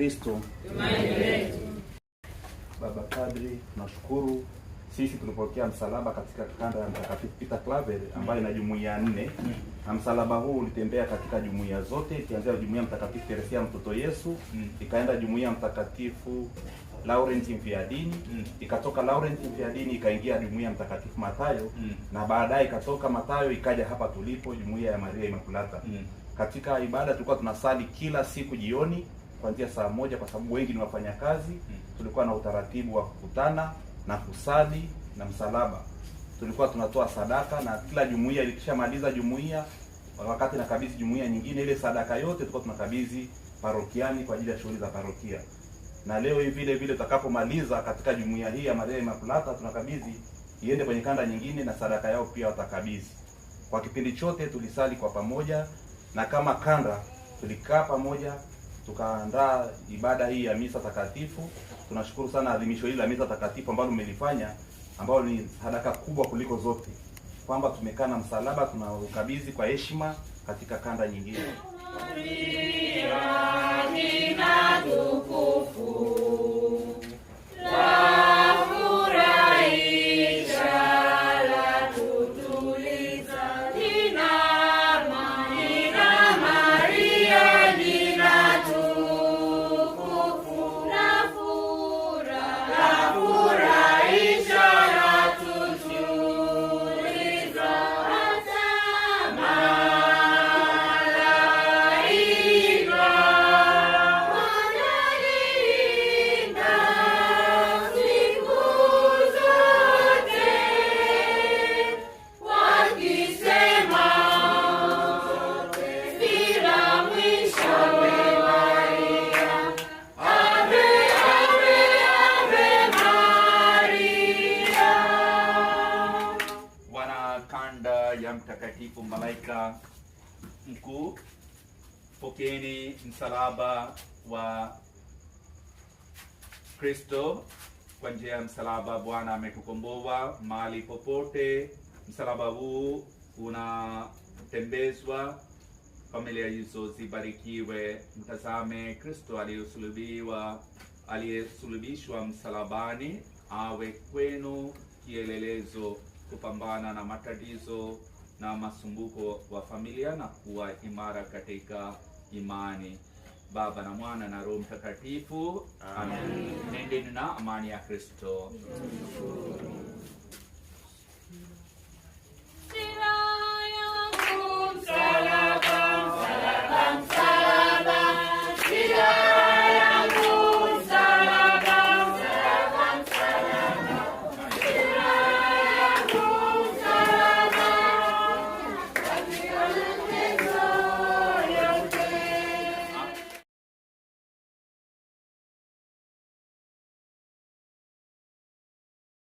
Kristo Baba Padri, tunashukuru sisi tulipokea msalaba katika kanda ya Mtakatifu Peter Claver ambayo ina jumuiya nne, na msalaba huu ulitembea katika jumuiya zote, ikianzia jumuiya Mtakatifu Teresia mtoto Yesu, ikaenda jumuiya Mtakatifu Laurent Mfiadini, ikatoka Laurent Mfiadini ikaingia jumuiya Mtakatifu Mathayo, na baadaye ikatoka Mathayo ikaja hapa tulipo, jumuiya ya Maria Imakulata. Katika ibada tulikuwa tunasali kila siku jioni kuanzia saa moja kwa sababu wengi ni wafanyakazi. Hmm. Tulikuwa na utaratibu wa kukutana na kusali na msalaba, tulikuwa tunatoa sadaka na kila jumuiya ilikishamaliza jumuiya wakati na kabidhi jumuiya nyingine, ile sadaka yote tulikuwa tunakabidhi parokiani kwa ajili ya shughuli za parokia. Na leo hivi vile vile tutakapomaliza katika jumuiya hii ya Maria Imakulata tunakabidhi iende kwenye kanda nyingine, na sadaka yao pia watakabidhi. Kwa kipindi chote tulisali kwa pamoja, na kama kanda tulikaa pamoja tukaandaa ibada hii ya misa takatifu. Tunashukuru sana adhimisho hili la misa takatifu ambalo mmelifanya, ambalo ni sadaka kubwa kuliko zote, kwamba tumekaa na msalaba tunaukabidhi kwa heshima katika kanda nyingine ya mtakatifu malaika mkuu, pokeni msalaba wa Kristo. Kwa njia ya msalaba Bwana ametukomboa. Mahali popote msalaba huu unatembezwa, familia hizo zibarikiwe. Mtazame Kristo aliyesulubiwa, aliyesulubishwa msalabani, awe kwenu kielelezo kupambana na matatizo na masumbuko wa familia na kuwa imara katika imani. Baba na Mwana na Roho Mtakatifu, amen. Nendeni na amani ya Kristo.